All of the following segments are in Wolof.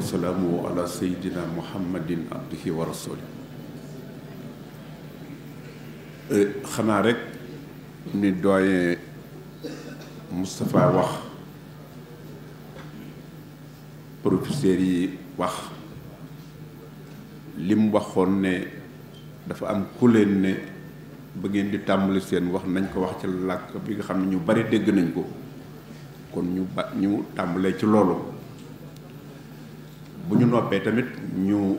wa salaamu ala sayyidina muhammadin abdihi wa rasuli eh, xanaa rek ni doyen Moustapha wax professeur yi wax li mu waxoon ne dafa am ku leen ne bëggeen di tàmbali seen wax nañ ko wax ci làkk bi nga xam ne ñu bari dégg nañ ko kon ñu ba ñu tàmbalee ci loolu buñu noppé tamit ñu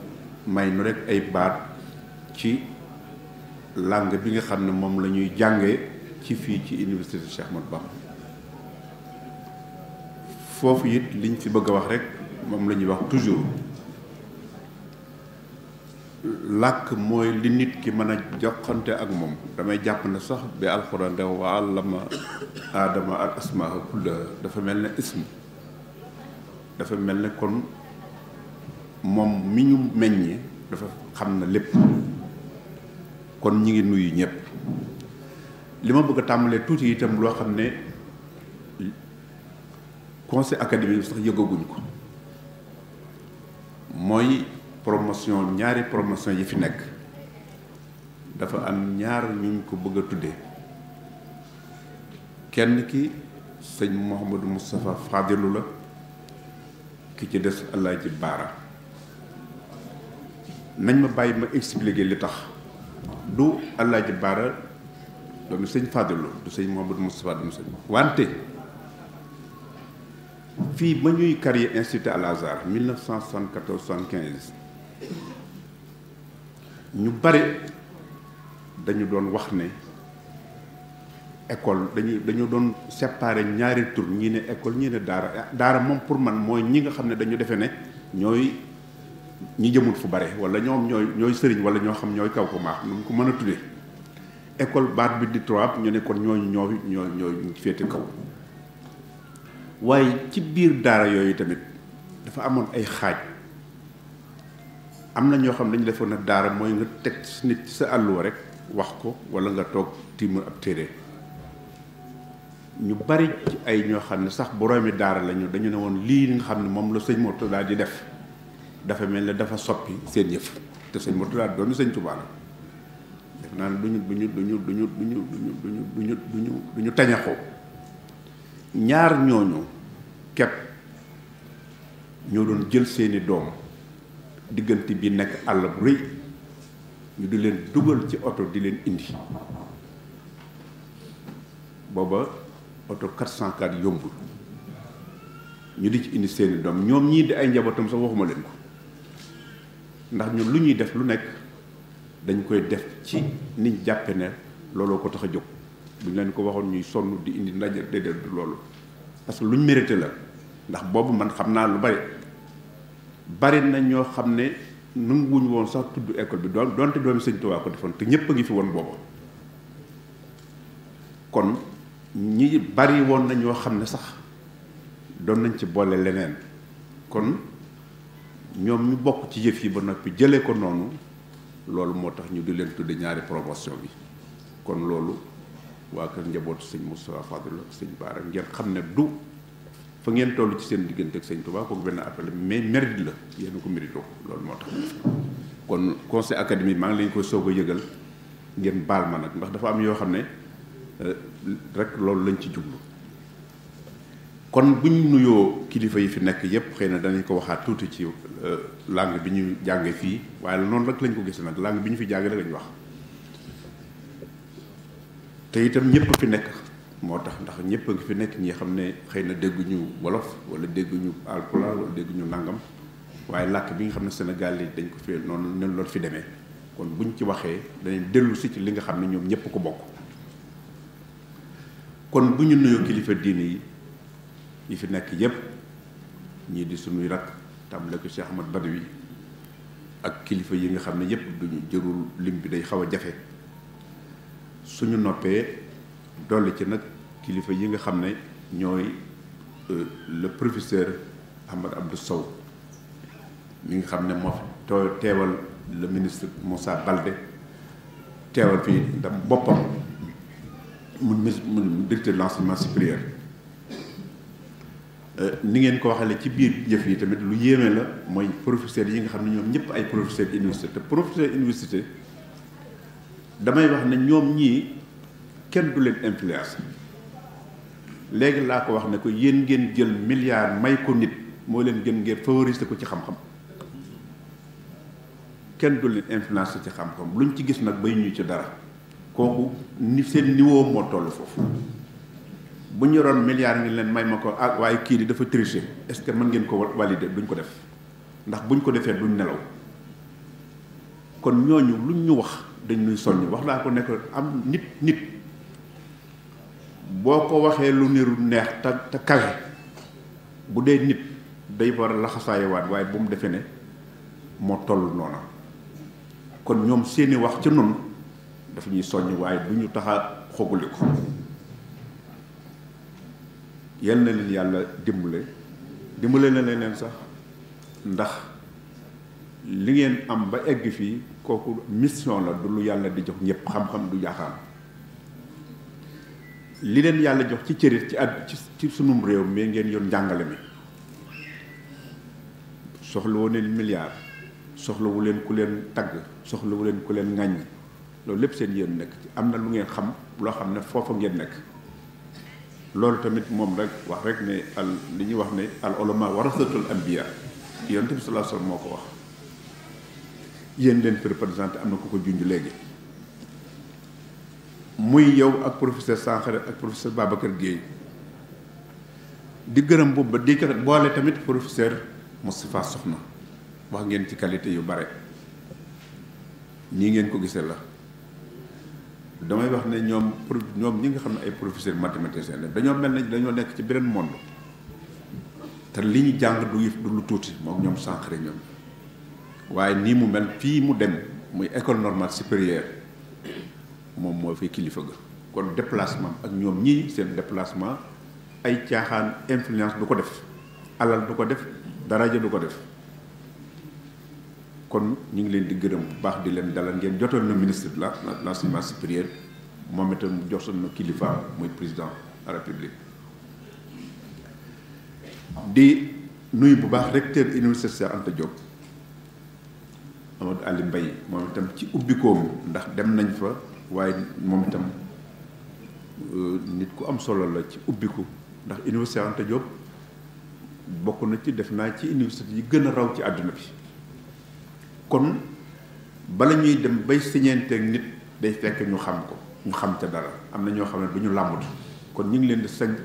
may nu rek ay baat ci langue bi nga xamne mom lañuy la ci fi ci université Cheikh mohamed Bamba fofu yit liñ ci bëgg wax rek mom lañuy wax toujours lak moy li nit ki mëna joxante ak mom damay japp na sax bi alquran da wa allama adama al asma kullu dafa melni ism dafa melni kon moom mi ñu meññee dafa xam na lépp kon ñi ngi nuyu ñëpp li ma bëgg a tàmbalee tuuti itam loo xam ne conseil académique bi sax yëgaguñ ko mooy promotion ñaari promotion yi fi nekk dafa am ñaar ñuñ ko bëgg a tuddee kenn ki sëñ Mouhamadou Moustapha Fadilu la ki ci des Alaaji Baara nañ ma bàyyi ma expliquer li tax du Alaaji Baara mu sëñ Fadilu du sëñ Mouhamadou Moustapha doomu sëñ wante fii ba ñuy créer institut Al Azhar 1974 75 ñu bare dañu doon wax ne ecole dañu dañu doon séparer ñaari tur ñii ne école ñii ne daara daara moom pour man mooy ñi nga xam ne dañu defe ne ñooy ñi jëmul fu bare wala ñoom ñooy ñooy sëriñ wala ñoo xam ñooy kaw ko maax nu mu ko mën a tuddee école baat bi di trois ñu ne kon ñooñu ñoo ñoo ñoo féete kaw waaye ci biir daara yooyu tamit dafa amoon ay xaaj am na ñoo xam ne dañu defoon na daara mooy nga teg nit ci sa àlluwa rek wax ko wala nga toog tiim ab téere ñu bari ci ay ñoo xam ne sax boroomi daara lañu dañu ne woon lii nga xam ne moom la sëñ Murtada daa di def dafa mel ne dafa soppi seen yëf te sëñ Murtala doomi sëñ Tuubaa la def naa ne duñu duñu duñu duñu duñu duñu duñu duñu duñu duñu tañaxoo ñaar ñooñu kepp ñoo doon jël seeni doom diggante bi nekk àll bu rëy ñu di leen dugal ci oto di leen indi booba oto 404 yombul ñu di ci indi seeni doom ñoom ñii di ay njabootam sax waxuma leen ko ndax ñun lu ñuy def lu nekk dañ koy def ci niñ jàppe ne looloo ko tax a jóg bu ñu leen ko waxoon ñuy sonn di indi ndaje déedéet du loolu parce lu luñ mérité la ndax boobu man xam naa lu bari bari na ñoo xam ne nu wuñ woon sax tudd école bi doon donte doomi sëñ Tuubaa ko defoon te ñëpp a ngi fi won booba kon ñi bari woon na ñoo xam ne sax doon nañ ci boole leneen kon ñoom ñu bokk ci yëf yi ba noppi jëlee ko noonu loolu moo tax ñu di leen tudde ñaari promotion bi kon loolu waa kër njabootu sëñ Moustapha Fadul ak sëñ Baara ngeen xam ne du fa ngeen toll ci seen diggante ak sëñ Touba kooku benn appel mais mérite la yéen ko mérite loolu moo tax kon conseil académique maa ngi lañ koy soog yëgal ngeen baal ma nag ndax dafa am yoo xam ne euh, rek loolu lañ ci jublu kon bu ñu nuyoo kilifa yi fi nekk yépp xëy na danañ ko waxaat tuuti ci euh, langue bi ñu jànge fii waaye noonu rek lañ ko gis nag langue bi ñu fi jànge rek wax te itam ñëpp fi nekk moo tax ndax ñëpp a ngi fi nekk ñi xam ne xëy na dégguñu wolof wala dégguñu alpulaar wala dégguñu nàngam waaye làkk bi nga xam ne senegal yi dañ ko fi noonu nen loolu fi demee kon buñ ci waxee danañ dellu si ci li nga xam ne ñoom ñëpp ko bokk kon bu ñu nuyoo kilifa diini yi yi fi nekk yépp ñii di suñuy rakk tàmbale ko Cheikh Ahmad Badawi ak kilifa yi nga xam ne yépp duñu jërul lim bi day xaw a jafe suñu noppee dolli ci nag kilifa yi nga xam ne ñooy euh, le professeur Ahmad Abdou Sow mi nga xam ne moo fi teewal le ministre Moussa Baldé teewal fii ndax boppam mun ministre directeur de l'enseignement supérieur ni ngeen ko waxale ci biir jëf yi tamit lu yéeme la mooy professeur yi nga xam ne ñoom ñëpp ay professeur université te professeur université damay wax ne ñoom ñii kenn du leen influence léegi laa ko wax ne ko yéen ngeen jël milliard may ko nit moo leen gën ngeen favoriser ko ci xam-xam kenn du leen influence ci xam-xam luñ ci gis nag ba ñu ci dara kooku ni seen niveau moo toll foofu bu ñu yoroon milliard ngi leen may ma ko ak waaye kii di dafa tricher est-ce que mën ngeen ko valider duñ ko def ndax buñ ko defee duñ nelaw kon ñooñu lu ñu wax dañ ñuy soññ wax naa ko nekk am nit nit boo ko waxee lu niru neex te te bu dee nit day war a laxasaayewaat waaye bu mu defee ne moo toll noona kon ñoom seeni wax ca noonu dafa ñuy soññ waaye du ñu tax a ko yal na leen yàlla dimbale dimbale na leen sax ndax li ngeen am ba egg fii kooku mission la du lu yàlla di jox ñëpp xam-xam du jaaxaan li leen yàlla jox ci cërit ci at ci sunum réew mi ngeen yoon njàngale mi soxlawu leen milliard soxlawu leen ku leen tagg soxlawu leen ku leen ŋàññ loolu lépp seen yéen nekk ci am na lu ngeen xam loo xam ne foofa ngeen nekk loolu tamit moom rek wax rek ni al li ñuy wax ne al ulama warasatul anbiya yonent bi sallallahu alayhi sol moo ko wax yéen leen fi représenté am na ku ko junj léegi muy yow ak professeur Sankhare ak professeur kër Guèye di gërëm boobu ba di ko boole tamit professeur Moustapha Soxna wax ngeen ci qualité yu bare ñii ngeen ko gisee la damay wax ne ñoom ñoom ñi nga xam ne ay professeur mathématicien la dañoo mel ne dañoo nekk ci beneen monde te li ñu jàng du yëf du lu tuuti moom ñoom sànqare ñoom waaye nii mu mel fii mu dem muy école normale supérieure moom moo fi kilifa ga kon déplacement ak ñoom ñii seen déplacement ay caaxaan influence du ko def alal du ko def daraja du ko def kon ñu ngi leen di gërëm bu baax di leen dalal ngeen jotoon na ministre de la l'enseignement supérieur moom itam mu joxoon na kilifa muy président de la di nuyu bu baax rek recteur université Anta Diop Amadou Ali Mbaye moom itam ci ubbikoom ndax dem nañ fa waaye moom itam euh, nit ku am solo la ci ubbiku ndax université Anta Diop bokk na ci def naa ci université yi gën a raw ci àdduna bi kon bala ñuy dem bay siñeenteeg nit day fekk ñu xam ko ñu xam te dara am na ñoo xam ne du ñu làmbatu kon ñu ngi leen di sant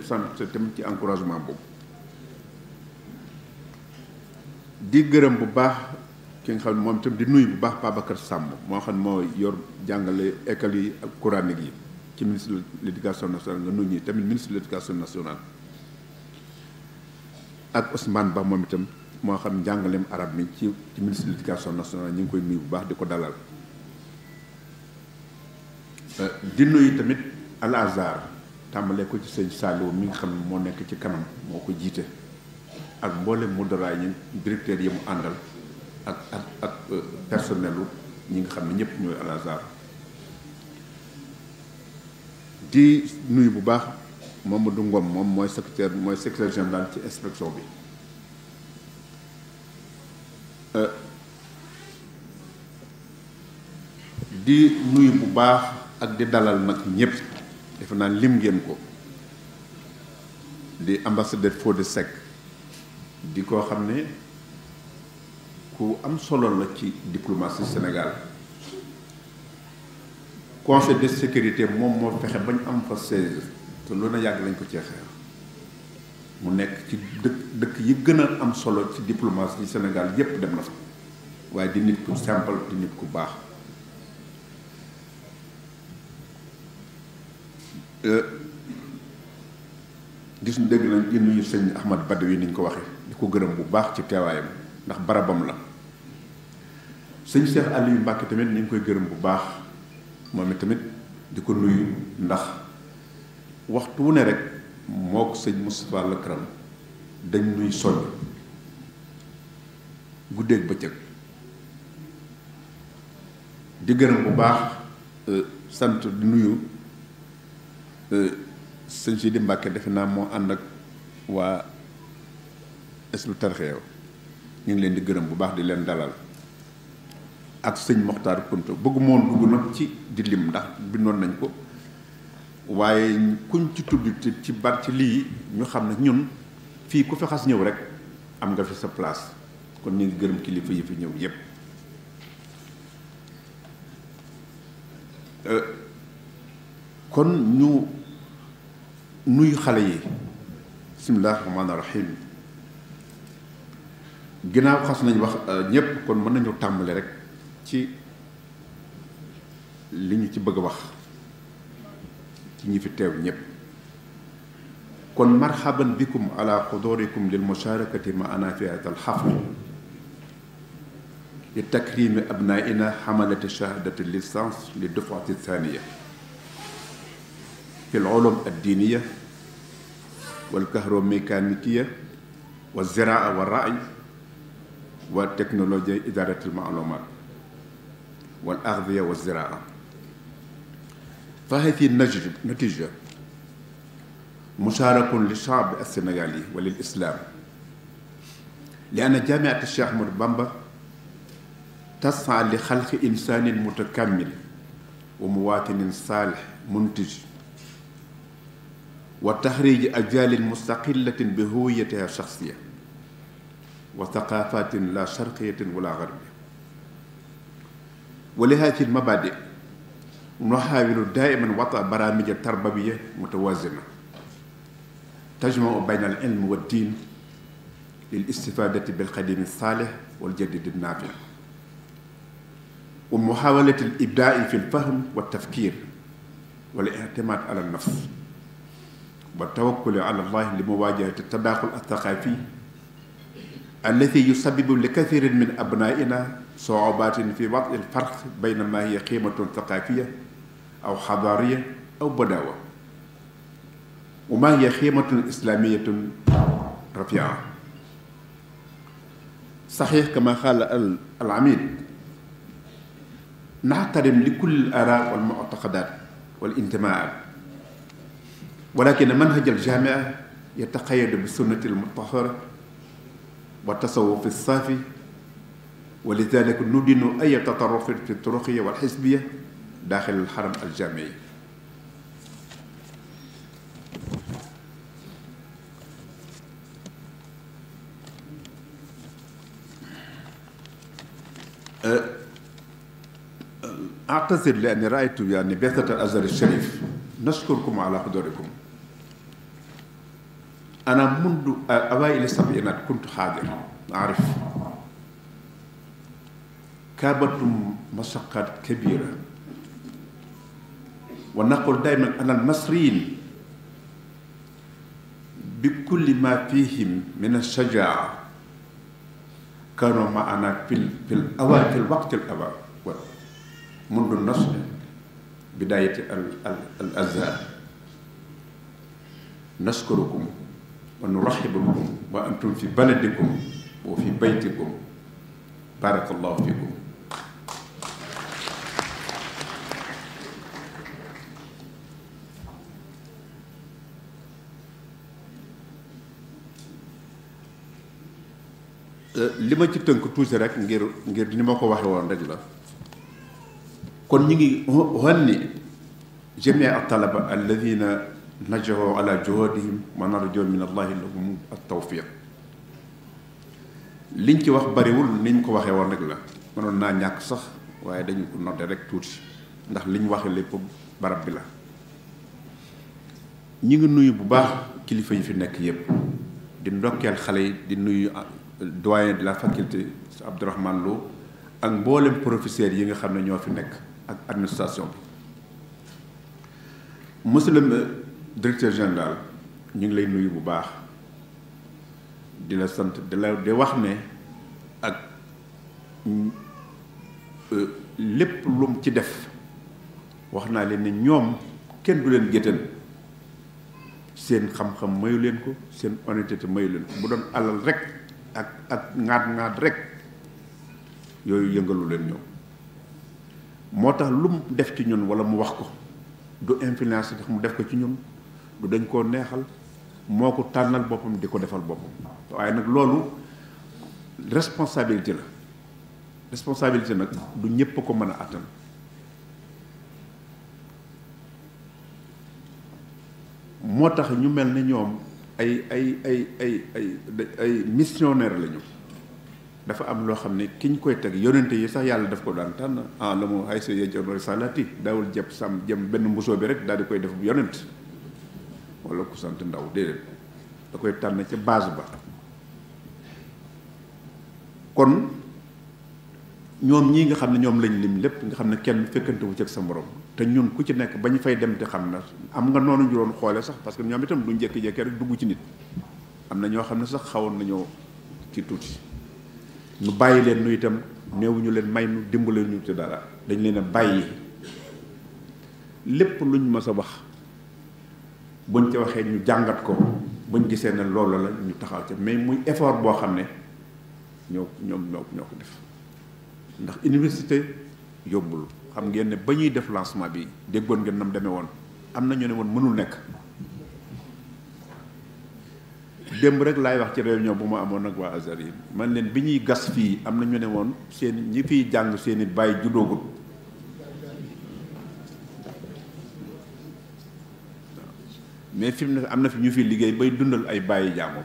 tamit ci encouragement boobu di gërëm bu baax ki nga xam ne moom itam di nuyu bu baax Babacar sàmm moo xam ne moo yor jàngale école yi ak coranique yi ci ministre de l' éducation nationale nga nuyu ñi tamit ministre de l' éducation nationale ak Ousmane Ba moom itam moo xam njàngaleem arab mi ci ci ministre de l'éducation nationale ñu ngi koy nuyu bu baax di ko dalal euh, di nuyu tamit al azar tàmbalee ko ci sëñ Saliou mi nga xam ne moo nekk ci kanam moo ko jiite ak mboolem mudara yi directeur yi mu àndal ak ak ak euh, personnelu ñi nga xam ne ñëpp ñooy al azar di nuyu bu baax moom ma du Ngom moom mooy secrétaire mooy secrétaire général ci inspection bi Euh, di nuyu bu baax ak di dalal nag ñépp defe naa lim ngeen ko di ambassadeur de sec di koo xam ne ku am solo la ci diplomatie Sénégal conseil de sécurité moom moo fexe bañ am fa siège te lu ne yàgg lañ ko ci xeex mu nekk ci dëkk dëkk yi gën a am solo ci diplomatie ci Sénégal yépp dem na fa waaye di nit ku simple di nit ku baax euh, gis ñu dégg nañ génnuñu sëñ Ahmad Badawi ni ñu ko waxee di ko gërëm bu baax ci teewaayam ndax barabam la sëñ Cheikh Aliou Mbacke tamit ni ñu koy gërëm bu baax moom it tamit di ko nuyu ndax waxtu wu ne rek moo ko sëñ Moustapha Lakram dañ nuy soññ guddeeg bëccëg di gërëm bu baax euh, sant di nuyu euh, sëñ si di Mbàkke defe naa moo ànd ak waa eslu tarxeew ñu ngi leen di gërëm bu baax di leen dalal ak sëñ Moxtaar Kunta bëggu moon dugg nag ci di lim ndax bindoon nañ ko waaye kuñ ci tudd ci bar ci lii ñu xam ne ñun fii ku fi xas ñëw rek am nga fi sa place kon ñu ngi gërëm kilifa yi fi ñëw yépp euh, kon ñu nuy xale yi bisimilah rahmaani rahim ginnaaw xas nañ wax euh, ñépp kon mën nañu tàmbali rek ci li ñu ci bëgg a wax ñi fi teew ñépp kon marhaban bikum ala hudurikum lil musharakati ma ana fi hada al hafl li takrim abnaina hamalat shahadat al lisans li dufati thaniya fi al ulum diniya wal wal العلوم wal والكهروميكانيكية والزراعة والرأي وتكنولوجيا إدارة المعلومات والأغذية والزراعة فهذه النتيجة مشارك للشعب السنغالي وللإسلام لأن جامعة الشيخ أحمد بامبا تسعى لخلق إنسان متكامل ومواطن صالح منتج وتخريج أجيال مستقلة بهويتها الشخصية وثقافات لا شرقية ولا غربية ولهذه المبادئ نحاول دائما وضع برامج تربوية متوازنة تجمع بين العلم والدين للاستفادة بالقديم الصالح والجديد النافع ومحاولة الإبداع في الفهم والتفكير والاعتماد على النفس والتوكل على الله لمواجهة التداخل الثقافي الذي يسبب لكثير من أبنائنا صعوبات في وضع الفرق بين ما هي قيمة ثقافية أو حضارية أو بداوة وما هي خيمة إسلامية رفيعة صحيح كما قال العميد نحترم لكل الآراء والمعتقدات والانتماءات ولكن منهج الجامعة يتقيد بالسنة المطهرة والتصوف الصافي ولذلك ندين أي تطرف في الترقية والحزبية داخل الحرم الجامعي أه، أعتذر لأني رأيت يعني بعثة الأزهر الشريف نشكركم على حضوركم أنا منذ أوائل السبعينات كنت حاضر أعرف كابت مشقات كبيرة ونقول دائما أن المصريين بكل ما فيهم من الشجاعة كانوا معنا في في الأول في الوقت الأول منذ النصر بداية الأزهار نشكركم ونرحب بكم وأنتم في بلدكم وفي بيتكم بارك الله فيكم li ma ci tënk tuuti rek ngir ngir ni ma ko waxe woon rek la kon ñu ngi wanni jamii at-talaba alladina najahu ala juhadihim wa narju min allahi lahum at-tawfiq liñ ci wax bariwul niñ ko waxee woon rek la mënoon naa ñàkk sax waaye dañu ko nodde rek tuuti ndax liñ waxe lépp barab bi la ñu ngi nuyu bu baax kilifa yi fi nekk yépp di ndokkeel xale yi di nuyu doyen de la faculté Abdourahmane Lo ak mboolem professeurs yi nga xam ne ñoo fi nekk ak administration bi monsieur le directeur général ñu ngi lay nuyu bu baax di la sant di la di wax ne ak euh, lépp lum ci def wax naa leen ne ñoom kenn du leen géttan seen xam-xam mayu leen ko seen honnêteté mayu leen ko bu doon alal rek ak ak ŋaat-ŋaat rek yooyu yëngalu leen ñoom moo tax lu mu def ci ñun wala mu wax ko du influence tax mu def ko ci ñun du dañ koo neexal moo ko tànnal boppam di ko defal boppam waaye nag loolu responsabilité la responsabilité nag du ñëpp ko mën a attan moo tax ñu mel ni ñoom ay ay ay ay ay ay missionnaire lañu dafa am loo xam ne kiñ koy teg yonente yi sax yàlla daf ko daan tànn ah la mu ay sa yejom risalati daawul jàpp sam jëm benn mbusoo bi rek daal di koy def yonent wala ku sant ndaw déedéet da koy tànn ca base ba kon ñoom ñii nga xam ne ñoom lañ lim lépp nga xam ne kenn fekkante wu ci ak sa morom te ñun ku ci nekk ba ñu fay dem te xam na am nga noonu ñu doon xoole sax parce que ñoom itam duñ jékki-jékki rek dugg ci nit am na ñoo xam ne sax xawoon nañoo ci tuuti ñu bàyyi leen nu itam néewuñu leen may nu dimbale ñu ci dara dañ leen a bàyyi lépp ñu mës a wax buñ ci waxee ñu jàngat ko buñ gisee ne loolu la ñu taxaw ca mais muy effort boo xam ne ñoo ñoom ñoo ñoo ko def ndax université yombul xam ngeen ne ba ñuy def lancement bi déggoon ngeen nam demee woon am na ñu ne woon mënul nekk démb rek laay wax ci réunion bu ma amoon nag waa Azhar yi man leen bi ñuy gas fii am na ñu ne woon seen ñi fiy jàng seeni i bàyyi juddoogul mais fi mu ne am na fi ñu fi liggéey bay dundal ay bàyyi jaamu.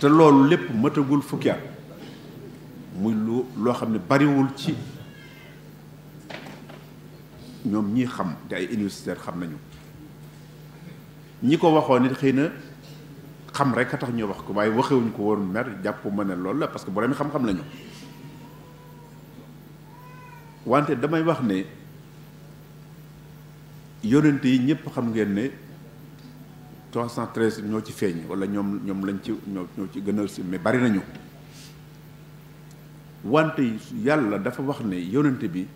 te loolu lépp matagul fukki at muy loo xam ne bariwul ci ñoom ñii xam te ay universitaire xam nañu ñi ko waxoon it xëy na xam rek a tax ñu wax ko waaye waxewuñ ko woon mer jàpp ma ne loolu la parce que borom xam-xam nañu wante damay wax ne yonent yi ñëpp xam ngeen ne cent 313 ñoo ci feeñ wala ñoom ñoom lañ ci ñoo ñoo ci gënal si mais bari nañu wante yàlla dafa wax ne yonante bi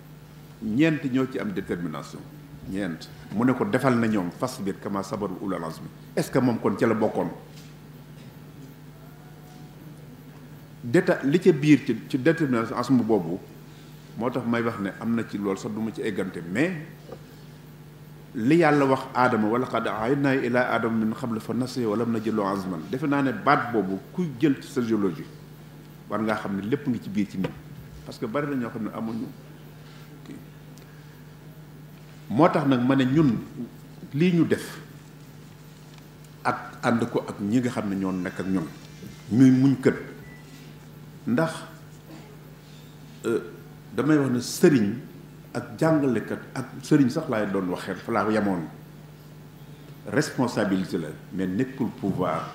ñeent ñoo ci am détermination ñeent mu ne ko defal na ñoom fas biir kama sabaru ulul azmi est-ce que moom kon ca la bokkoon déta li ca biir ci ci détermination asma boobu moo tax may wax ne am na ci loolu sax duma ci eggante mais li yàlla wax aadama wala qad ahidna ila aadama xam la fa nasiya walam najid lahu azman defe naa ne baat boobu ku jël ci sociologie war ngaa xam ne lépp ngi ci biir ci nit parce que bari na xam ne amuñu moo tax nag ma ne ñun lii ñu def ak ànd ko ak ñi nga xam ne ñoo nekk ak ñun ñuy muñ kët ndax euh, damay wax ne sëriñ ak jàngalekat ak sëriñ sax laay doon waxeet fa laa yamoon responsabilité la mais nekkul pouvoir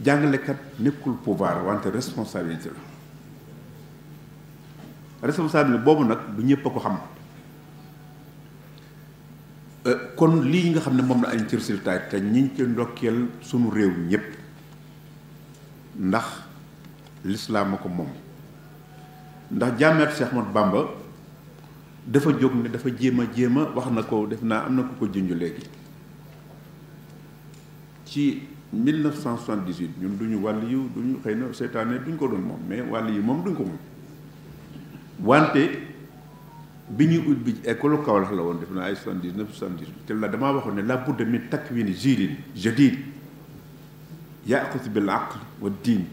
jàngalekat nekkul pouvoir wante responsabilité la responsabilité boobu nag du ñëpp a ko xam euh, kon lii nga xam ne moom la añ ci résultat te ñiñ ci ndokkeel sunu réew ñëpp ndax lislaam a ko moom ndax jàmmeetu Cheikh Ahmadou Bamba dafa jóg ne dafa jéem a jéem a wax na ko def naa am na ko ko junj léegi ci 1978 ñun duñu wàll yu duñu xëy na seytaane duñ ko doon moom mais wàll yi moom duñ ko moom wante bi ñuy bi école Kaolack la woon def naa ay 79 78 te la damaa waxoon ne la budda min takwini jilin jadid yaqut bil aql wa diin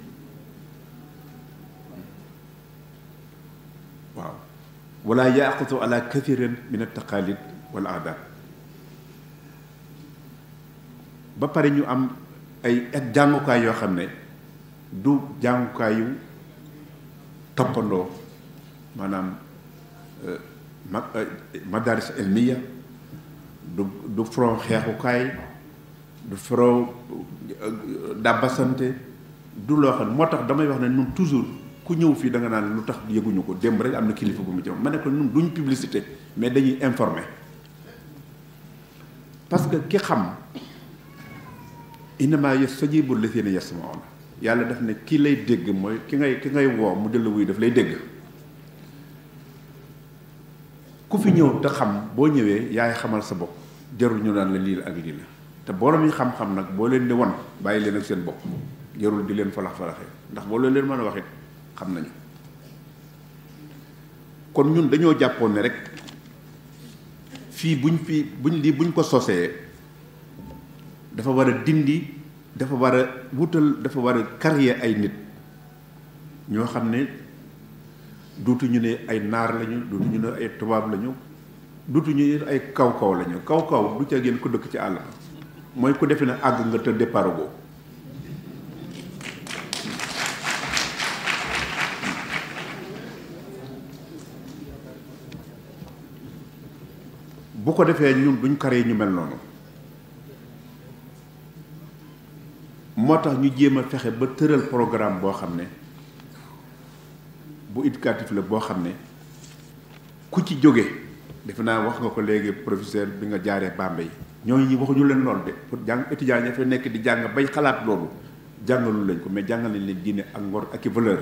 waaw wala yaaqutu ala kathirin min altaqalid wal aadaat ba pare ñu am ay ak jàngukaay yoo xam ne du jàngukaayu toppandoo maanaam madaris ilmiya du du front xeexukaay du front dàbbasante du loo xam ne moo tax damay wax ne ñun toujours ku ñëw fii danga nga naan lu tax yëguñu ko démb rek am na kilifa bu mu jëm ma ne ko ñun duñ publicité mais dañuy informer parce que ki xam sa innama yastajibu lazina yasmauna yàlla def ne ki lay dégg mooy ki ngay ki ngay woo mu jël wuy daf lay dégg ku fi ñëw te xam boo ñëwee yaay xamal sa bopp jarul ñu naan la lii la ak lii la te borom yi xam-xam nag boo leen di won bàyyi leen ak seen bopp jarul di leen falax falaxee ndax boo leen leen mën a wax xam nañu kon ñun dañoo jàppoon ne rek fii buñ fii buñ lii buñ ko sosee dafa war a dindi dafa war a wutal dafa war a carrière ay nit ñoo xam ne duutuñu ne ay naar lañu ñu ne ay tubaab lañu duutuñu ne ay kaw kaw lañu kaw kaw du ca génn ku dëkk ci àll mooy ku defe ne àgg nga te départagoo bu ko defee ñun duñ karee ñu mel noonu moo tax ñu jéem a fexe ba tëral programme boo xam ne bu éducatif la boo xam ne ku ci jóge defe naa wax nga ko léegi professeur bi nga jaaree Bambey ñooñu waxuñu leen loolu de pour jàng étudiant ña fa nekk di jàng bay xalaat loolu jàngalu lañ ko mais jàngal nañ leen diine ak ngor ak i valeur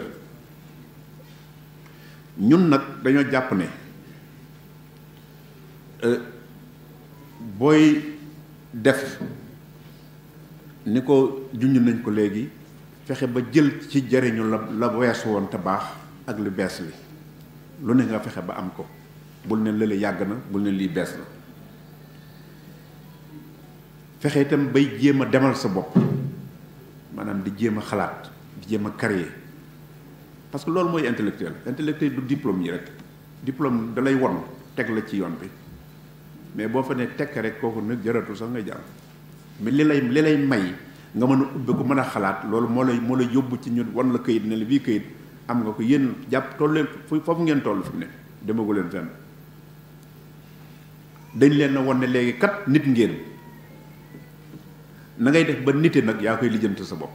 ñun nag dañoo jàpp ne. Euh, booy def ni ko junj nañ ko léegi fexe ba jël ci jariñu la la weesu woon te baax ak lu bees li lu ne nga fexe ba am ko bul ne lële yàgg na bul ne lii bees la fexe itam bay jéem a demal sa bopp maanaam di jéem a xalaat di jéem a créer parce que loolu mooy intellectuel intellectuel du diplôme yi rek diplôme dalay won teg la ci yoon bi mais boo fa ne tekk rek kooku nag jaratul sax nga jàng mais li lay li lay may nga mën a ubbi ko mën a xalaat loolu moo lay moo lay yóbbu ci ñun wan la këyit ne la bii këyit am nga ko yéen jàpp toll leen foofu ngeen toll fi ne demagu leen fenn dañ leen a wan ne léegi kat nit ngeen na ngay def ba nite nag yaa koy lijjanti sa bopp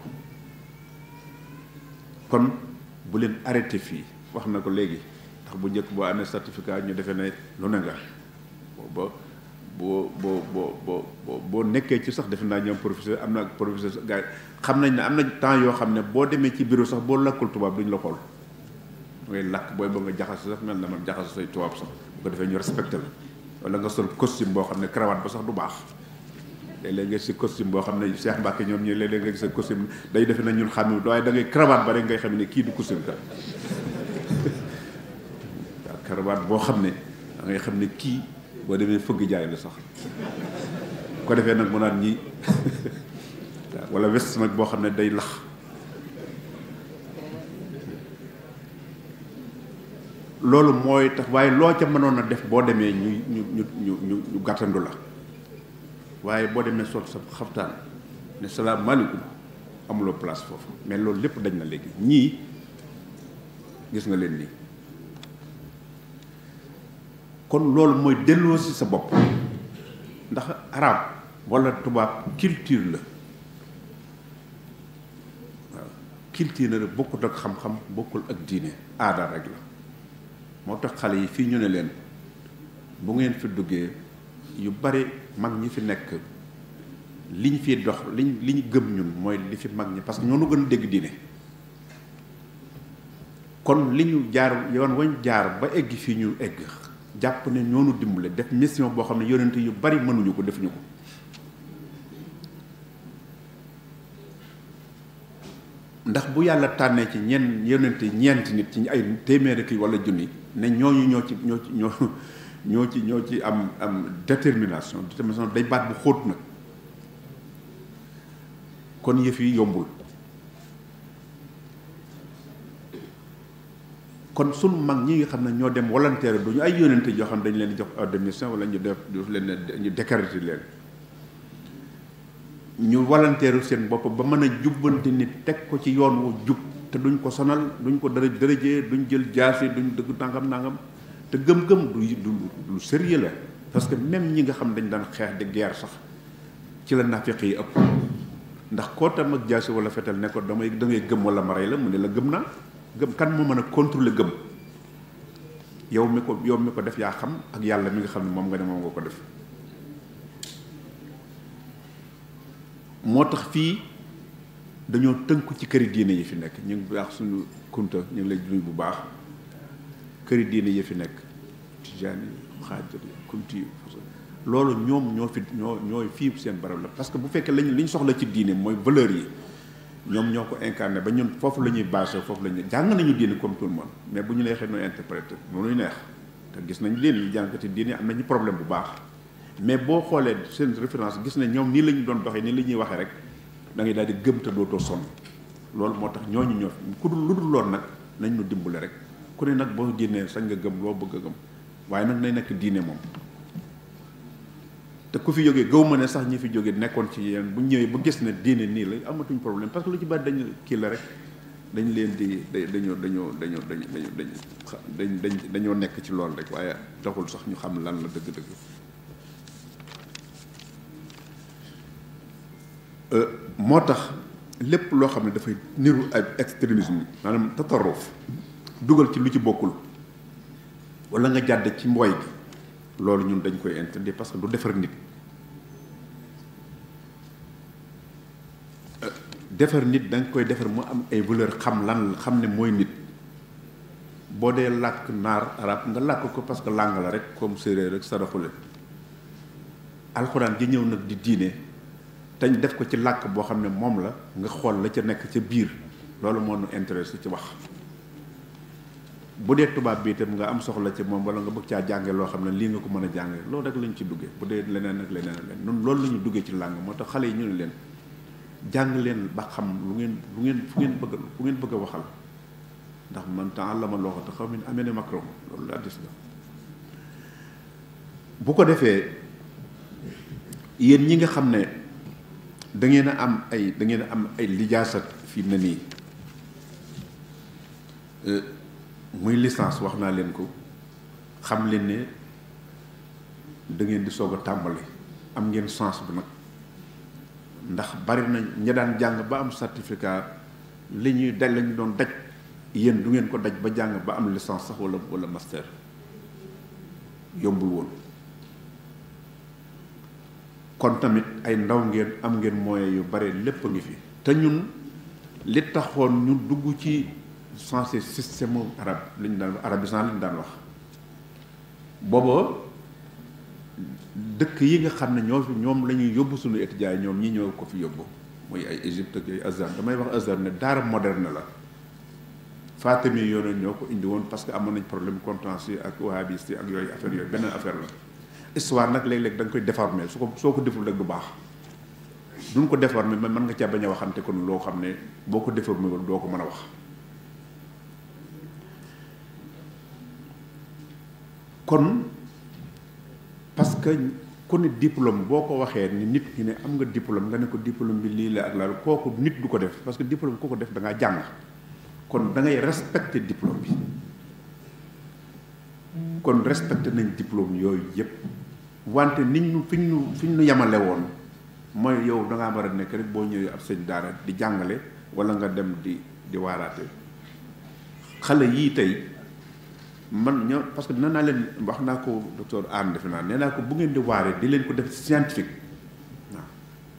kon bu leen arrêté fii wax na ko léegi ndax bu njëkk boo amee certificat ñu defee ne lu ne nga boo boo boo boo boo nekkee ci sax defe naa ñoom professeur am na ak professeur gars xam nañ ne am na temps yoo xam ne boo demee ci bureau sax boo lakkul tubaab duñ la xool ngay lakk booy ba nga jaxase sax mel na man jaxase say tubaab sax bu ko defee ñu respecté la wala nga sol costume boo xam ne cravate ba sax du baax léeg-léeg nga si costume boo xam ne Cheikh Mbacke ñoom ñi léeg-léeg nga sa costume day defe na ñun xam waaye da ngay cravate ba rek ngay xam ne kii du costume kat waaw cravate boo xam ne da ngay xam ne kii boo demee fëgg jaay la sax ko defee nag mu naat ñi wala west nag boo xam ne day lax loolu mooy tax waaye loo ca mënoon a def boo demee ñu ñu ñu ñu ñu gàttandu la waaye boo demee sol sa xaftaan ne salaamaaleykum amuloo place foofu mais loolu lépp dañ na léegi ñii gis nga leen nii kon loolu mooy delloosi sa bopp ndax araab walla tubaab culture la waaw culture la bokkut ak xam-xam bokkul ak diine aada rek la moo tax xale yi fii ñu ne leen bu ngeen fi duggee yu bari mag ñi fi nekk li ñu fiy dox liñ li ñu gëm ñun mooy li fi mag ñi parce que ñoo nu gën a dégg diine kon li ñu jaar yoon wañ jaar ba egg fi ñu egg jàpp ne ñoonu dimbale def mission boo xam ne yonent yu bari mënuñu ko defuñu ko ndax bu yàlla tànnee ci ñenn yonent ñeenti nit ci ay téeméeri kii wala junni ne ñooñu ñoo ci ñoo ci ñoo ñoo ci ñoo ci am am détermination détermination day baat bu xóot nag kon yëf yi yombul kon sunu mag ñi nga xam ne ñoo dem volontaire du ñu ay yónnante yoo xam dañ leen jox ordre de mission wala ñu def leen ñu décréter leen ñu volontaire seen bopp ba mën a jubbante nit teg ko ci yoon wu jub te duñ ko sonal duñ ko dara dërëjee duñ jël jaasi duñ dëgg nangam nangam te gëm-gëm du du lu sérieux la parce que même ñi nga xam dañ daan xeex di guerre sax ci la nafiq yi ëpp ndax koo tam ak jaasi wala fetal ne ko damay da ngay gëm wala ma rey la mu ne la gëm naa gëm kan moo mën a contrôler gëm yow mi ko yow mi ko def yaa xam ak yàlla mi ngi xam ne moom nga ne moom nga ko def moo tax fii dañoo tënku ci këri diine yi fi nekk ñu ngi baax suñu kunta ñu ngi lay bu baax këri diine yi fi nekk tijaani xaadir kunti loolu ñoom ñoo fi ñoo ñooy fii seen barab la parce que bu fekkee lañ li ñu soxla ci diine mooy valeur yi ñoom ñoo ko incarné ba ñun foofu la ñuy basé foofu la ñuy jàng nañu diine comme tout le monde mais bu ñu neexee ñu interprété mënuñu neex te gis nañ leen ñu jàngati diine am nañu problème bu baax mais boo xoolee seen référence gis na ñoom nii la ñu doon doxee nii la ñuy waxee rek da ngay daal di gëm te dootoo sonn loolu moo tax ñooñu ñoo ku lu dul loon nag nañ ñu dimbale rek ku ne nag boo génnee sañ nga gëm loo bëgg a gëm waaye nag nay nekk diine moom ku fi jógee gëw ma ne sax ñi fi jógee nekkoon ci yeneen bu ñëwee ba gis ne diine nii la amatuñ problème parce que lu ci dañu kii rek dañ leen di dañoo dañoo dañoo dañ dañ dañ dañoo nekk ci loolu rek waaye taxul sax ñu xam lan la dëgg-dëgg euh, moo tax lépp loo xam ne dafay niru ak extrémisme maanaam tataruf dugal ci lu ci bokkul wala nga jàdd ci mbooy gi loolu ñun dañ koy interdit parce que du defar nit defar nit da nga koy defar mu am ay valeur xam lan xam ne mooy nit boo dee làkk naar arab nga làkk ko parce que làng la rek comme séeréer rek saraxule alxuraan gi ñëw nag di diine teñ def ko ci làkk boo xam ne moom la nga xool la ca nekk ca biir loolu moo nu intéressé ci wax bu dee tubaab bi itam nga am soxla ci moom wala nga bëgg caa jànge loo xam ne lii nga ko mën a jànge loolu rek lañ ci duggee bu dee leneen ak leneen leneen loolu la ñu duggee ci làng moo tax xale yi ñu ne leen jàng leen ba xam lu ngeen lu ngeen fu ngeen bëgg fu ngeen bëgg a waxal ndax man ma ta'allama lughata qawmin amene makrom loolu hadiis la bu ko defee yéen ñi nga xam ne da ngeen a am ay dangeen am ay lijaasat fii na nii eh, muy lisance wax naa leen ko xam leen ne da ngeen di soog a tàmbali am ngeen chance bu nag ndax bari na ña daan jàng ba am certificat li ñuy daj lañu doon daj yéen du ngeen ko daj ba jàng ba am licence sax wala wala master yombul woon kon tamit ay ndaw ngeen am ngeen moye yu bare lépp a ngi fi te ñun li taxoon ñu dugg ci sensé système arabe li daan arabisant li ñu daan wax booba dëkk yi nga xam ne ñoo ñoom la ñuy yóbbu suñu étudiants yi ñoom ñi ñoo ko fi yóbbu mooy ay Égypte ak yooyu damay wax Azhar ne daara moderne la Fatimi yi yoon ñoo ko indi woon parce que amoon nañ problème contentieux ak wahhabiste ak yooyu affaire yooyu beneen affaire la histoire nag léeg-léeg da nga koy déformer su ko soo ko deful rek du baax duñ ko déformer mais mën nga ca bañ a waxante kon loo xam ne boo ko déformer woon doo ko mën a wax kon parce que ku ne diplôme boko ni nit ki ne am nga diplôme nga ne ko diplôme bi lii la ak laal koku nit du ko def parce que diplôme koku ko def da nga jang kon da ngay respecter diplôme bi kon respecter nañ diplôme yoy yep wante nit ñu fiñ ñu fiñ ñu yamalé won moy yow da nga mara a rek bo ñëw ab señ dara di jangalé wala nga dem di di waaraate xalé yi tay man ñoo parce que nee naa leen wax naa ko doctor Anne defe naa nee naa ko bu ngeen di waaree di leen ko def scientifique waaw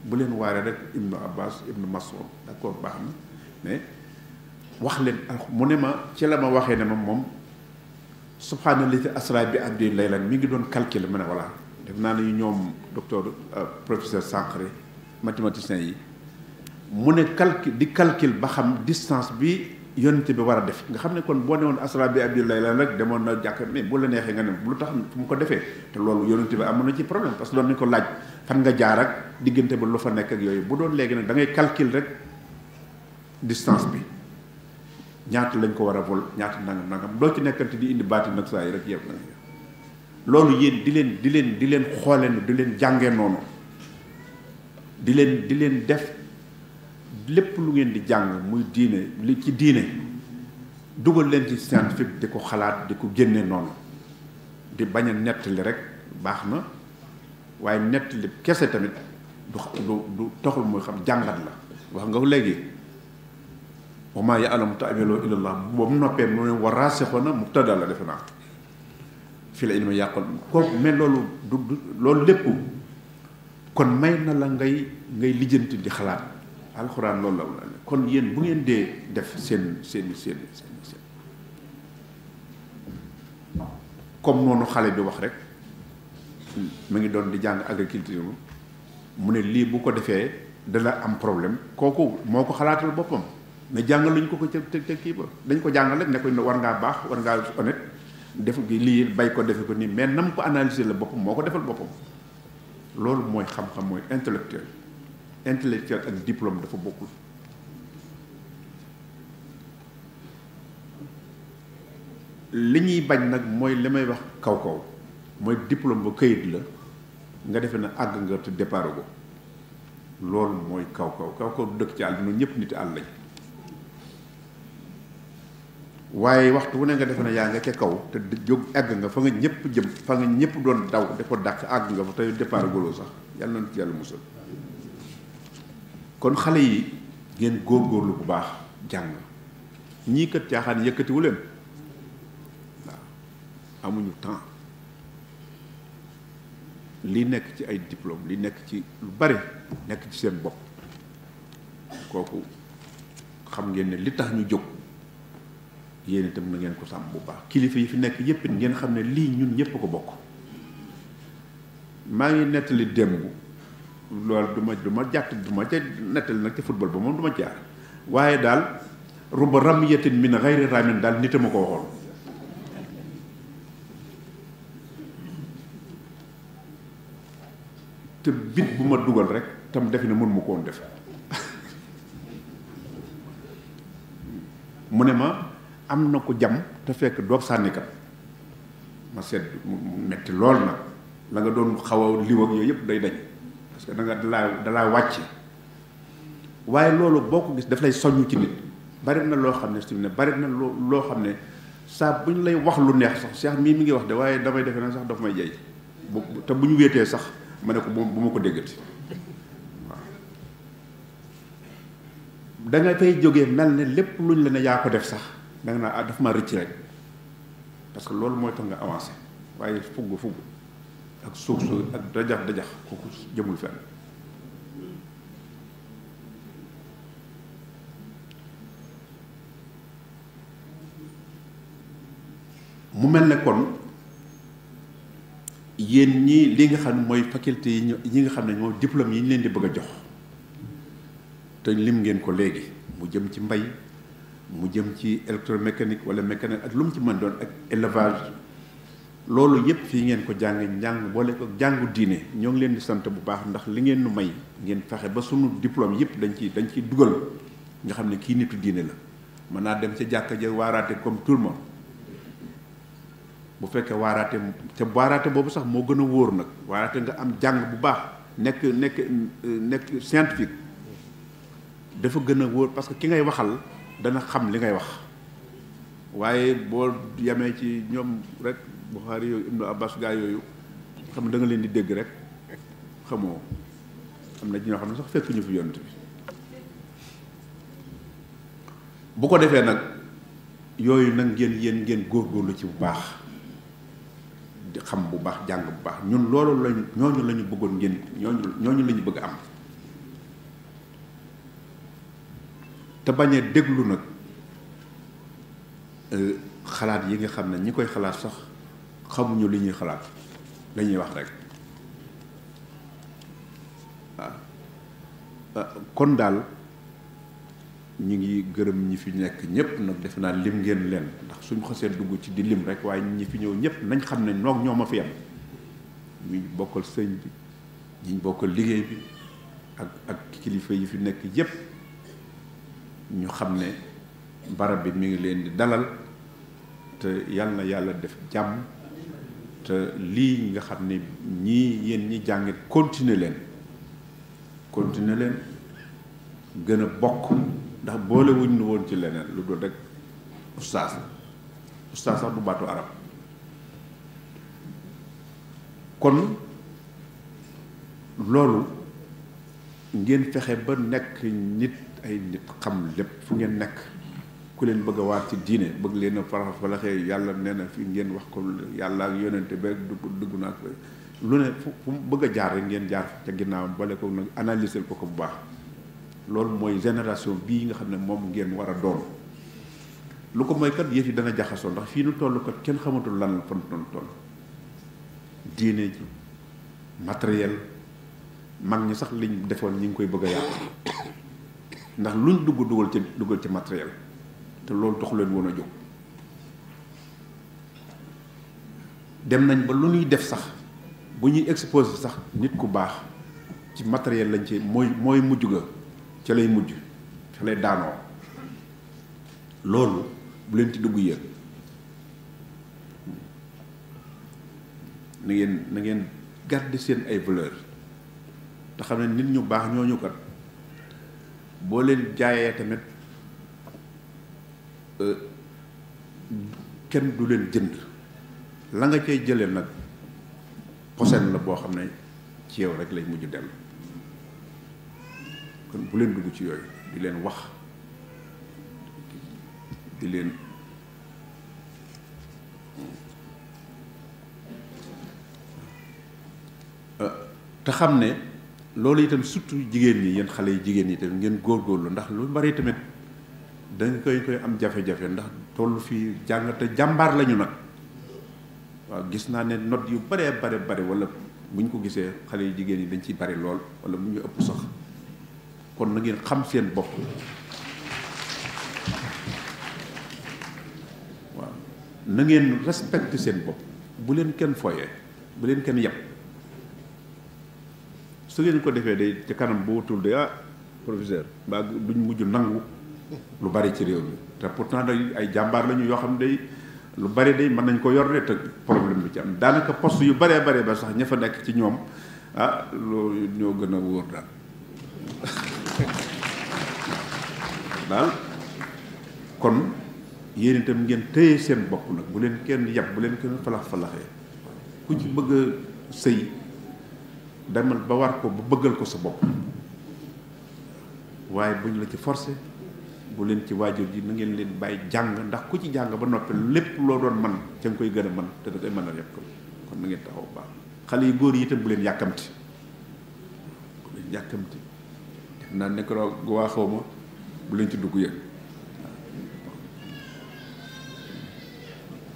bu leen waaree rek Ibnu Abbas Ibnu Mas'ud d'accord baax na mais wax leen mu ne ma ci la ma waxee ne ma moom subhaanallati asra bi abdi laylan mi ngi doon calculer ma ne voilà def naa ne ñoom docteur euh, professeur Sankhare mathématicien yi mu ne calcul di calcul ba xam distance bi. yonent bi war a def nga xam ne kon boo newoon asra bi abdullahi lan rek demoon na jàkk mais bu la neexee nga ne lu tax fu mu ko defee te loolu yonent bi amoon na ci problème parce que doon nañ ko laaj fan nga jaar diggante ba lu fa nekk ak yooyu bu doon léegi nag da ngay calcul bi ñaata lañ ko war a vol ñaata nangam loo ci nekkante di indi baati nag saa yi rek yëpp loolu yéen di leen di leen di leen xoolee di leen jàngee noonu di leen di leen def lépp lu ngeen di jàng muy diine li ci diine dugal leen ci scientifique di ko xalaat di ko génne noonu di bañ a nettali rek baax na waaye nettali kese tamit du du taxul muy xam jàngat la wax nga ko léegi wa maa ya'lamu ta'wiilahu illallah ba mu noppee mu ne wa raasixuuna mubtada la defe naa fi la yàqoon kooku mais loolu du loolu lépp kon may na la ngay ngay lijjanti di xalaat alxuraan loolu la kon yéen bu ngeen dee def seen seen seen seen comme noonu xale bi wax rek mu ngi doon di jàng agriculture mu ne lii bu ko defee dana am problème kooku moo ko xalaatal boppam ne jàngaluñ ko ko ca te kii ba dañ ko jàngal rek ne ko war ngaa baax war ngaa honnête def lii bay ko defe ko nii mais nam ko analyser la boppam moo ko defal boppam loolu mooy xam-xam mooy intellectuel intellectuel ak diplôme dafa bokkul li ñuy bañ nag mooy li may wax kaw kaw mooy diplôme ba këyit la nga defe na àgg nga te départ ko loolu mooy kaw kaw kaw kaw dëkk ci àll bi ñun ñëpp nit àll lañ waaye waxtu wu ne nga defe na yaa nga ca kaw te jóg àgg nga fa nga ñëpp jëm fa nga ñëpp doon daw da ko dàq àgg nga fa tey départ goloo sax yàlla na ci yàlla musal kon xale yi ngeen góor góorlu bu baax jàng ñii kat caaxaan yëkkatiwu leen amuñu temps li nekk ci ay diplôme li nekk ci lu bari nekk ci seen bopp kooku xam ngeen ne li tax ñu jóg yéen itam na ngeen ko sàmm bu baax kilifa yi fi nekk yépp ngeen xam ne lii ñun ñépp ko bokk maa ngi nettali démb lool duma duma jatt duma ca netal nak ci football ba mom duma jaar waye dal ruba ramiyatin min ghairi ramin dal nitama ko waxon te bit buma duggal rek tam def na mën mu ko def munema amna am ko jam te do sanni kat ma set metti lol nak la nga don liw ak yoyep day dañ parce que da nga dalaa wàcc wàcce waaye loolu boo ko gis daf lay soññ ci nit barit na loo xam ne si ne bari na loo loo xam ne saa bu ñu lay wax lu neex sax Cheikh mii mi ngi wax de waaye damay defe na sax daf may jay bu te bu ñu wéetee sax ma ne ko bu ma ko déggati waaw da nga jógee mel ne lépp luñ la ne yaa ko def sax da nga ah dafa ma rëcc rek parce que loolu mooy tax nga avancé waaye fugg fugg ak suuf su ak dajax dajax kooku jëmul fenn mu mel ne kon yéen ñi li nga xam ne mooy faculté yi ñi nga xam ne moom diplôme yi ñu leen di bëgg a jox te lim ngeen ko léegi mu jëm ci mbay mu jëm ci électromécanique wala mécanique ak lu mu ci mën doon ak élevage lolu yep fi ngeen ko jàng njàng bolé ko jàngu diiné ñong leen di sante bu baax ndax li ngeen nu may ngeen fexé ba sunu diplôme yep dañ ci dañ ci duggal nga xamné ki nitu diiné la man na dem ci jàkka ja waaraate comme tout le monde bu fekkee waaraate te waaraate bobu sax mo gëna woor nak nag nga am jang bu baax nek nek nek scientifique dafa gëna a parce que ki ngay waxal dana xam li ngay wax waye bo yame ci ñom rek Buxaari yooyu Ibnu Abbas gaa yooyu xam ne da leen di dégg rek xamoo xam na ñoo xam ne sax fekk ñu fi yonent bi bu ko defee nag yooyu nag ngeen yéen ngeen góor góorlu ci bu baax xam bu baax jàng bu baax ñun loolu lañu ñooñu la ñu bëggoon ngeen ñooñu ñooñu lañu bëgg am te bañ a déglu nag euh, xalaat yi nga xam ne ñi koy xalaat sax xamuñu li ñuy xalaat lañuy wax rek waaw ah. ah, kon daal ñu ngi gërëm ñi fi nekk ñëpp nag defe naa lim ngeen leen ndax suñ xasee dugg ci di lim rek waaye ñi fi ñëw ñëpp nañ xam ne noog ñoo ma fi yam ñu bokkal sëñ bi ñi bokkal liggéey bi ak ak kilifa yi fi nekk yëpp ñu xam ne barab bi mu ngi leen di dalal te yal na yàlla def jàmm. te lii nga xam ne ñii yéen ñi jàngit continuer leen continuer leen gën a bokk ndax boole wuñ nu woon ci leneen lu dul rek ustaas la ustaas sax du baatu arab kon loolu ngeen fexe ba nekk nit ay nit xam lépp fu ngeen nekk ku leen bëgg a waar ci diine bëgg leen a farax falaxee yàlla nee na fi ngeen wax ko yàlla ak yonente beeg dugg dugg naag lu ne fu mu bëgg a jaar rek ngeen jaar ca ginnaawam bale ko nag analyser ko ko bu baax loolu mooy génération bii nga xam ne moom ngeen war a doon lu ko mooy kat yëf yi dana jaxasoo ndax fii nu toll kat kenn xamatul lan la fan doon toll diine ji matériel mag ñi sax liñ defoon ñu ngi koy bëgg a yàq ndax lu luñ dugg dugal ci dugal ci matériel te loolu taxu leen woon jóg dem nañ ba lu ñuy def sax bu ñuy exposé sax nit ku baax ci matériel lañ ci mooy mooy mujj ga ca lay mujj ca lay daanoo loolu bu leen ci dugg yéen na ngeen na ngeen garder seen ay valeur te xam ne nit ñu baax ñooñu kat boo leen jaayee tamit Euh, kenn du leen jënd la nga cay jëlee nag posen la boo xam ne ci yow rek lay mujj dellu kon bu leen dugg ci yooyu di leen wax di leen euh, te xam ne loolu itam surtout jigéen ñi yéen xale yi jigéen ñi tamit ngeen góorgóorlu ndax lu bari tamit dañ koy koy am jafe-jafe ndax tollu fii jàng te jàmbaar lañu nag waaw gis naa ne not yu bare bare bare wala buñ ko gisee xale yu jigéen yi dañ ci bare lool wala mu ñu ëpp sax kon na ngeen xam seen bopp waaw na ngeen respecté seen bopp bu leen kenn foyee bu leen kenn yab su ngeen ko defee day ci kanam ah professeur mbaa duñ mujj nangu lu bari ci réew mi te pourtant dañuy ay jàmbaar lañu yoo xam ne day lu bari day mën nañ ko yor de te problème bi ci am daanaka post yu baree bare ba sax ña fa nekk ci ñoom ah loolu ñoo gën a wóor daal daal kon yéen itam ngeen téye seen bopp nag bu leen kenn yab bu leen kenn falax falaxee ku ci bëgg sëy demal ba war ko ba bëggal ko sa bopp waaye buñ la ci forcé bu len ci wajur ji na ngeen len bay jang ndax ku ci jang ba noppi lepp lo doon man ci nga koy gën man te da koy manal yepp ko kon na ngeen taxaw ba xali goor yi tam bu len yakamti bu len yakamti na nek ro gu waaxoo ma bu len ci dugg yéen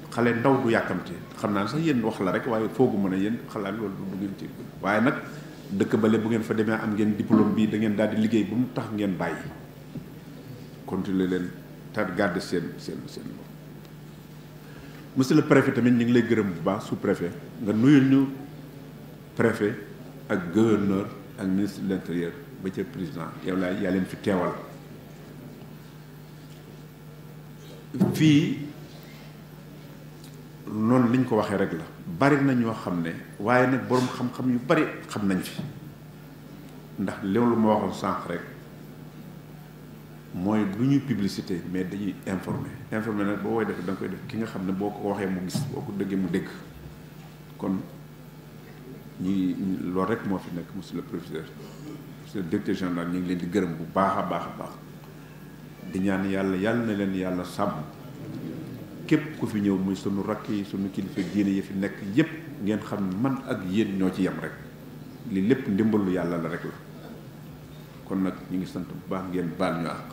xale ndaw du yakamti xamna sax yeen wax la rek waye fogu meuna yeen yéen xalaat loolu du ngeen ci waaye nag dëkk bale bu ngeen fa demee am ngeen diplôme bi da ngeen daal di liggéey bu mu tax ngeen bàyyi continuer leen tar garde seen seen seen bopp monsieur le préfet tamit ñu ngi lay gërëm bu baax sous préfet nga nuyul ñu préfet ak gouverneur ak ministre de l'intérieur ba ca président yow laa yaa leen fi teewal fii noonu liñ ko waxee rek la bari na ñoo xam ne waaye nag boroom xam-xam yu bari xam nañ fi ndax loolu ma waxoon sànq rek moy duñu publicité mais dañuy informer informer nak bo way def dang koy def ki nga xamne boko waxe mu gis boko deugé mu dégg kon ñi lool rek mo fi nekk monsieur le professeur monsieur le directeur général ñi ngi leen di gërëm bu baaxa baaxa baax di ñaan yalla yalla na leen yalla sàmm kep ku fi ñew muy sunu rakki sunu kilifa diine yi fi nekk yépp ngeen xam man ak yeen ñoo ci yam rek li lepp ndimbalu yalla la rek la kon nak ñi ngi sant bu baax ngeen baal ñu ak